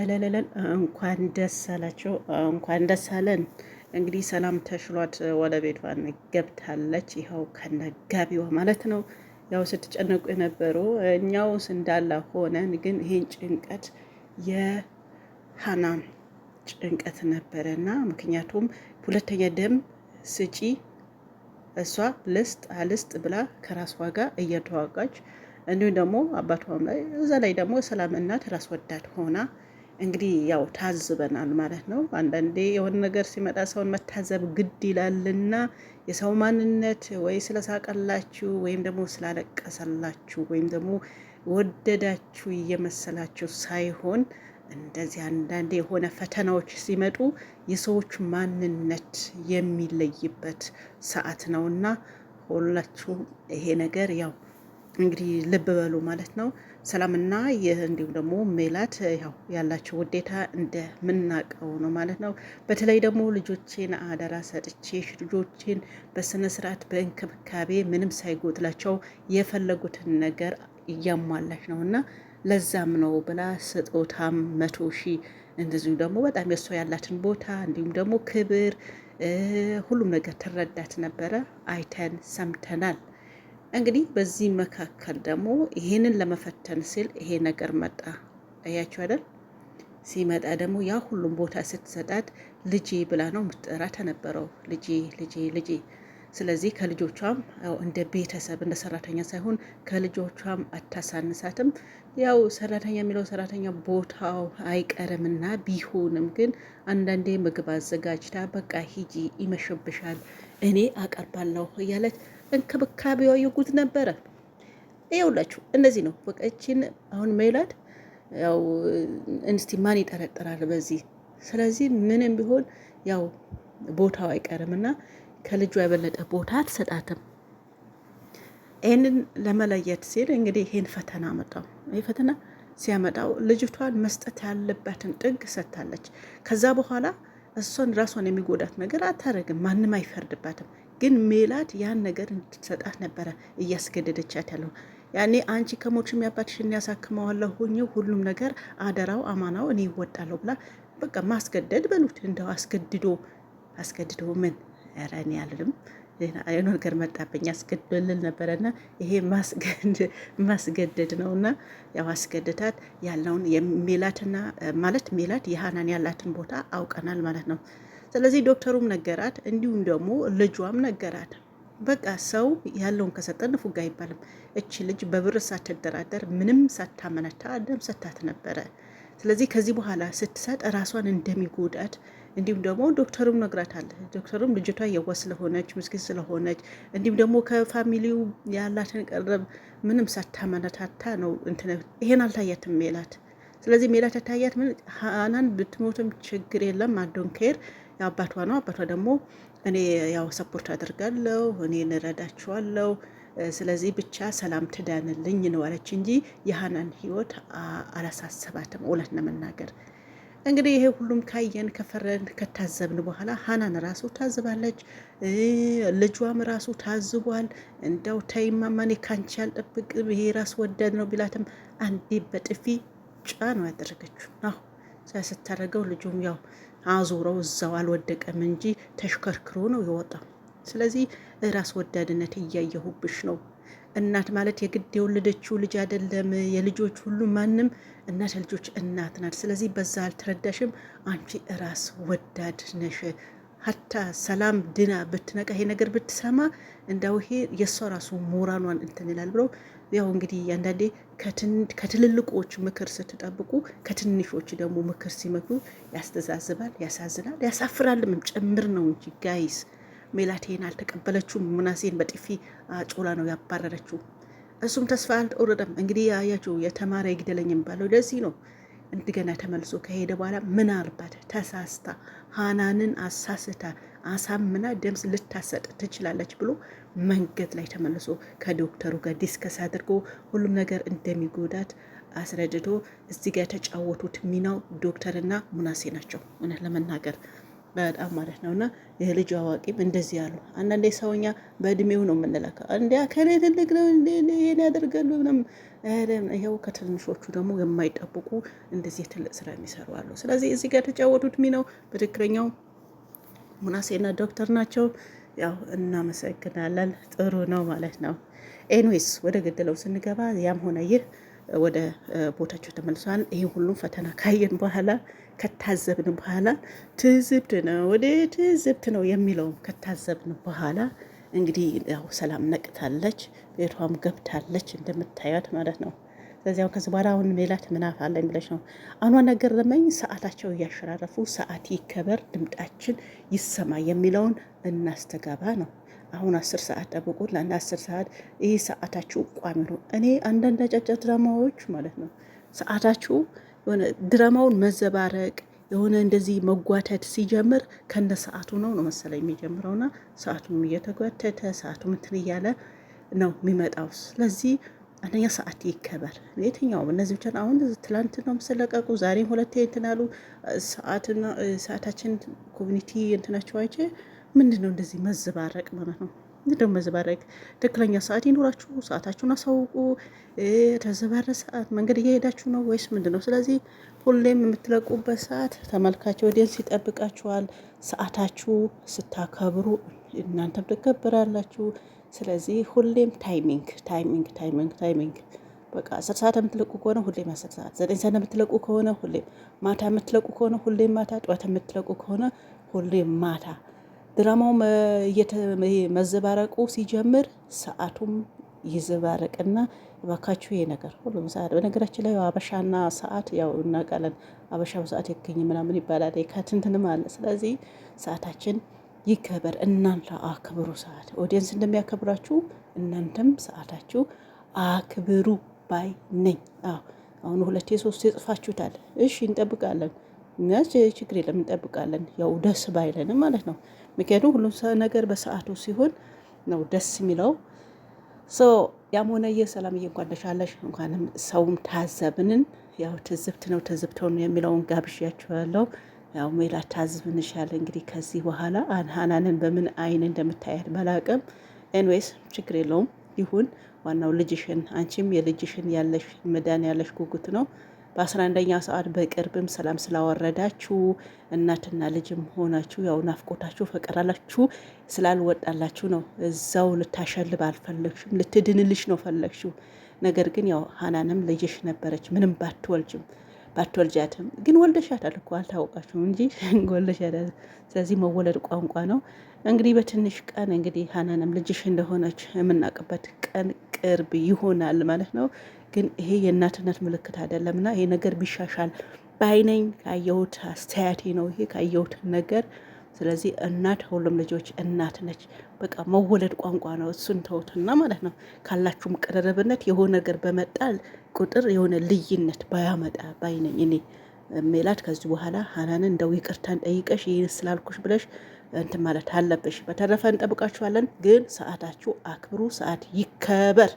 እለለለን እንኳን ደስ አላቸው፣ እንኳን ደስ አለን። እንግዲህ ሰላም ተሽሏት ወደ ቤቷን ገብታለች። ይኸው ከነጋቢዋ ማለት ነው። ያው ስትጨነቁ የነበሩ እኛውስ እንዳላ ሆነን ግን ይህን ጭንቀት የሀናን ጭንቀት ነበረ እና ምክንያቱም ሁለተኛ ደም ስጪ እሷ ልስጥ አልስጥ ብላ ከራሷ ጋር እየተዋጋች እንዲሁም ደግሞ አባቷም ላይ እዛ ላይ ደግሞ ሰላም እናት ራስ ወዳድ ሆና እንግዲህ ያው ታዝበናል ማለት ነው። አንዳንዴ የሆነ ነገር ሲመጣ ሰውን መታዘብ ግድ ይላልና የሰው ማንነት ወይ ስለሳቀላችሁ ወይም ደግሞ ስላለቀሰላችሁ ወይም ደግሞ ወደዳችሁ እየመሰላችሁ ሳይሆን እንደዚህ አንዳንዴ የሆነ ፈተናዎች ሲመጡ የሰዎች ማንነት የሚለይበት ሰዓት ነውና ሁላችሁም ይሄ ነገር ያው እንግዲህ ልብ በሉ ማለት ነው። ሰላምና ይህ እንዲሁም ደግሞ ሜላት ያው ያላቸው ውዴታ እንደምናቀው ነው ማለት ነው። በተለይ ደግሞ ልጆቼን አደራ ሰጥቼ ልጆቼን በስነ ስርዓት በእንክብካቤ ምንም ሳይጎጥላቸው የፈለጉትን ነገር እያሟላች ነው እና ለዛም ነው ብላ ስጦታም መቶ ሺህ እንደዚሁ ደግሞ በጣም የእሷ ያላትን ቦታ እንዲሁም ደግሞ ክብር ሁሉም ነገር ትረዳት ነበረ። አይተን ሰምተናል። እንግዲህ በዚህ መካከል ደግሞ ይሄንን ለመፈተን ሲል ይሄ ነገር መጣ። አያችሁ አይደል? ሲመጣ ደግሞ ያ ሁሉም ቦታ ስትሰጣት ልጄ ብላ ነው ምጥራት ተነበረው ልጄ ልጄ ልጄ ስለዚህ ከልጆቿም እንደ ቤተሰብ እንደ ሰራተኛ ሳይሆን ከልጆቿም አታሳንሳትም። ያው ሰራተኛ የሚለው ሰራተኛ ቦታው አይቀርምና ቢሆንም ግን አንዳንዴ ምግብ አዘጋጅታ በቃ ሂጂ ይመሽብሻል፣ እኔ አቀርባለሁ እያለች እንክብካቤዋ የጉድ ነበረ። ይኸውላችሁ እነዚህ ነው በቃ አሁን ሜላት ያው እንስቲ ማን ይጠረጥራል በዚህ። ስለዚህ ምንም ቢሆን ያው ቦታው አይቀርምና ከልጇ የበለጠ ቦታ አትሰጣትም። ይህንን ለመለየት ሲል እንግዲህ ይህን ፈተና መጣው። ይህ ፈተና ሲያመጣው ልጅቷን መስጠት ያለባትን ጥግ ሰጥታለች። ከዛ በኋላ እሷን ራሷን የሚጎዳት ነገር አታደርግም፣ ማንም አይፈርድባትም። ግን ሜላት ያን ነገር እንድትሰጣት ነበረ እያስገደደቻት ያለው። ያኔ አንቺ ከሞችም ያባትሽን ያሳክመዋለሁኝ ሁሉም ነገር አደራው አማናው እኔ ይወጣለሁ ብላ በቃ ማስገደድ በሉት እንደው አስገድዶ አስገድዶ ምን ኧረ እኔ አልልም። የሆነ ነገር መጣብኝ አስገድልል ነበረና ይሄ ማስገደድ ነውና ያው አስገድዳት ያለውን ሜላትና ማለት ሜላት የሀናን ያላትን ቦታ አውቀናል ማለት ነው። ስለዚህ ዶክተሩም ነገራት፣ እንዲሁም ደግሞ ልጇም ነገራት። በቃ ሰው ያለውን ከሰጠን ፉጋ አይባልም። እቺ ልጅ በብር ሳትደራደር ምንም ሳታመነታ ደም ሰታት ነበረ። ስለዚህ ከዚህ በኋላ ስትሰጥ ራሷን እንደሚጎዳት እንዲሁም ደግሞ ዶክተሩም ነግራታለች። ዶክተሩም ልጅቷ የዋህ ስለሆነች ምስኪን ስለሆነች እንዲሁም ደግሞ ከፋሚሊው ያላትን ቀረብ ምንም ሳታመነታታ ነው እንትን ይሄን አልታያትም ሜላት። ስለዚህ ሜላት ያታያት ምን ሀናን ብትሞትም ችግር የለም አዶን ከሄድ የአባቷ ነው። አባቷ ደግሞ እኔ ያው ሰፖርት አደርጋለሁ፣ እኔ እንረዳችኋለሁ ስለዚህ ብቻ ሰላም ትዳንልኝ ነው አለች እንጂ የሀናን ህይወት አላሳሰባትም እውነት ለመናገር እንግዲህ ይሄ ሁሉም ካየን ከፈረን ከታዘብን በኋላ ሀናን ራሱ ታዝባለች፣ ልጇም ራሱ ታዝቧል። እንደው ተይማማኔ ካንቺ አልጠብቅም ይሄ ራስ ወደድ ነው ቢላትም አንዴ በጥፊ ጫ ነው ያደረገችው። አሁ ስታደርገው ልጁም ያው አዞረው እዛው አልወደቀም እንጂ ተሽከርክሮ ነው የወጣው። ስለዚህ ራስ ወዳድነት እያየሁብሽ ነው እናት ማለት የግድ የወለደችው ልጅ አይደለም፣ የልጆች ሁሉ ማንም እናት ልጆች እናት ናት። ስለዚህ በዛ አልተረዳሽም፣ አንቺ ራስ ወዳድ ነሽ። ሀታ ሰላም ድና ብትነቃ ይሄ ነገር ብትሰማ እንዳው ይሄ የእሷ ራሱ ሞራኗን እንትን ይላል ብለው ያው እንግዲህ አንዳንዴ ከትልልቆች ምክር ስትጠብቁ ከትንሾች ደግሞ ምክር ሲመጡ ያስተዛዝባል፣ ያሳዝናል፣ ያሳፍራልም ጭምር ነው እንጂ ጋይስ ሜላቴን አልተቀበለችውም። ሙናሴን በጥፊ ጮላ ነው ያባረረችው። እሱም ተስፋ አልተወረደም። እንግዲህ ያያቸው የተማረ ይግደለኝ የሚባለው ለዚህ ነው። እንደገና ተመልሶ ከሄደ በኋላ ምናልባት ተሳስታ ሀናንን አሳስታ አሳምና ደምስ ልታሰጥ ትችላለች ብሎ መንገድ ላይ ተመልሶ ከዶክተሩ ጋር ዲስከስ አድርጎ ሁሉም ነገር እንደሚጎዳት አስረድቶ እዚህ ጋር የተጫወቱት ሚናው ዶክተርና ሙናሴ ናቸው እውነት ለመናገር በጣም ማለት ነው። እና የልጅ አዋቂም እንደዚህ ያሉ አንዳንዴ ሰውኛ በእድሜው ነው የምንለካው። እንዲ ከኔ ትልቅ ነው ይሄን ያደርጋሉ ምናምን። ይኸው ከትንሾቹ ደግሞ የማይጠብቁ እንደዚህ ትልቅ ስራ የሚሰሩ አሉ። ስለዚህ እዚህ ጋር የተጫወቱት ሚናው በትክክለኛው ሙናሴና ዶክተር ናቸው። ያው እናመሰግናለን። ጥሩ ነው ማለት ነው። ኤንዌስ ወደ ገደለው ስንገባ ያም ሆነ ይህ ወደ ቦታቸው ተመልሰዋል። ይህ ሁሉም ፈተና ካየን በኋላ ከታዘብን በኋላ ትዝብት ነው ወደ ትዝብት ነው የሚለውም ከታዘብን በኋላ እንግዲህ ያው ሰላም ነቅታለች፣ ቤቷም ገብታለች እንደምታያት ማለት ነው። ስለዚያው ከዚህ በኋላ አሁን ሜላት ምናፍ አለ የሚለች ነው። አኗ ነገር ለመኝ ሰዓታቸው እያሸራረፉ ሰዓት ይከበር ድምጣችን ይሰማ የሚለውን እናስተጋባ ነው። አሁን አስር ሰዓት ጠብቁት። ለአንድ አስር ሰዓት ይህ ሰዓታችሁ ቋሚ ነው። እኔ አንዳንድ አጫጭ ድራማዎች ማለት ነው ሰዓታችሁ የሆነ ድራማውን መዘባረቅ የሆነ እንደዚህ መጓተት ሲጀምር ከነ ሰዓቱ ነው ነው መሰለኝ የሚጀምረውና ሰዓቱም እየተጓተተ ሰዓቱም እንትን እያለ ነው የሚመጣው። ስለዚህ አንደኛ ሰዓት ይከበር። የትኛውም እነዚህ ብቻ አሁን ትላንት ነው ምስለቀቁ ዛሬም ሁለቴ እንትናሉ ሰዓታችን ኮሚኒቲ እንትናቸው አይቼ ምንድን ነው እንደዚህ መዘባረቅ ማለት ነው? እንደው መዘባረቅ ትክክለኛ ሰዓት ይኖራችሁ፣ ሰዓታችሁን አሳውቁ። የተዘባረ ሰዓት መንገድ እየሄዳችሁ ነው ወይስ ምንድን ነው? ስለዚህ ሁሌም የምትለቁበት ሰዓት ተመልካች ወዲንስ ይጠብቃችኋል። ሰዓታችሁ ስታከብሩ እናንተም ትከበራላችሁ። ስለዚህ ሁሌም ታይሚንግ ታይሚንግ ታይሚንግ ታይሚንግ በቃ አስር ሰዓት የምትለቁ ከሆነ ሁሌም አስር ሰዓት፣ ዘጠኝ ሰዓት የምትለቁ ከሆነ ሁሌም ማታ የምትለቁ ከሆነ ሁሌም ማታ፣ ጠዋት የምትለቁ ከሆነ ሁሌም ማታ ድራማው መዘባረቁ ሲጀምር ሰዓቱም ይዘባረቅና እባካችሁ ይሄ ነገር ሁሉም ሰዓት በነገራችን ላይ አበሻና ሰዓት ያው እናውቃለን። አበሻ በሰዓት ይገኝ ምናምን ይባላል ከትንትንም አለ። ስለዚህ ሰዓታችን ይከበር፣ እናንተ አክብሩ። ሰዓት ኦዲየንስ እንደሚያከብራችሁ እናንተም ሰዓታችሁ አክብሩ ባይ ነኝ። አሁን ሁለቴ ሶስት ጽፋችሁታል። እሺ እንጠብቃለን፣ ችግር የለም እንጠብቃለን። ያው ደስ ባይለንም ማለት ነው ምክንያቱም ሁሉም ነገር በሰዓቱ ሲሆን ነው ደስ የሚለው። ያም ይህ ሰላምዬ እንኳን ተሻለሽ፣ እንኳንም ሰውም ታዘብንን። ያው ትዝብት ነው ትዝብተው ነው የሚለውን ጋብዣችኋለሁ። ያው ሜላት ታዝብንሻል። እንግዲህ ከዚህ በኋላ አንሃናንን በምን አይን እንደምታያት ባላቅም፣ ኤንዌይስ ችግር የለውም ይሁን። ዋናው ልጅሽን አንቺም የልጅሽን ያለሽ መዳን ያለሽ ጉጉት ነው። በ11ኛ ሰዓት በቅርብም ሰላም ስላወረዳችሁ እናትና ልጅም ሆናችሁ ያው ናፍቆታችሁ ፈቀራላችሁ ስላልወጣላችሁ ነው። እዛው ልታሸልብ አልፈለግሽም፣ ልትድንልሽ ነው ፈለግሽው። ነገር ግን ያው ሀናንም ልጅሽ ነበረች ምንም ባትወልጅም ባትወልጃትም ግን ወልደሻታል እኮ አልታወቃችሁም እንጂ ወልደሻታል። ስለዚህ መወለድ ቋንቋ ነው። እንግዲህ በትንሽ ቀን እንግዲህ ሀናንም ልጅሽ እንደሆነች የምናውቅበት ቀን ቅርብ ይሆናል ማለት ነው። ግን ይሄ የእናትነት ምልክት አይደለም እና ይሄ ነገር ቢሻሻል በአይነኝ ካየሁት አስተያየቴ ነው ይሄ ካየሁት ነገር። ስለዚህ እናት ሁሉም ልጆች እናት ነች። በቃ መወለድ ቋንቋ ነው። እሱን ተውትና ማለት ነው ካላችሁም ቅርርብነት የሆነ ነገር በመጣል ቁጥር የሆነ ልዩነት ባያመጣ ባይነኝ እኔ ሜላት ከዚህ በኋላ ሀናንን እንደው ይቅርታን ጠይቀሽ ይህን ስላልኩሽ ብለሽ እንትን ማለት አለብሽ። በተረፈ እንጠብቃችኋለን። ግን ሰዓታችሁ አክብሩ፣ ሰዓት ይከበር።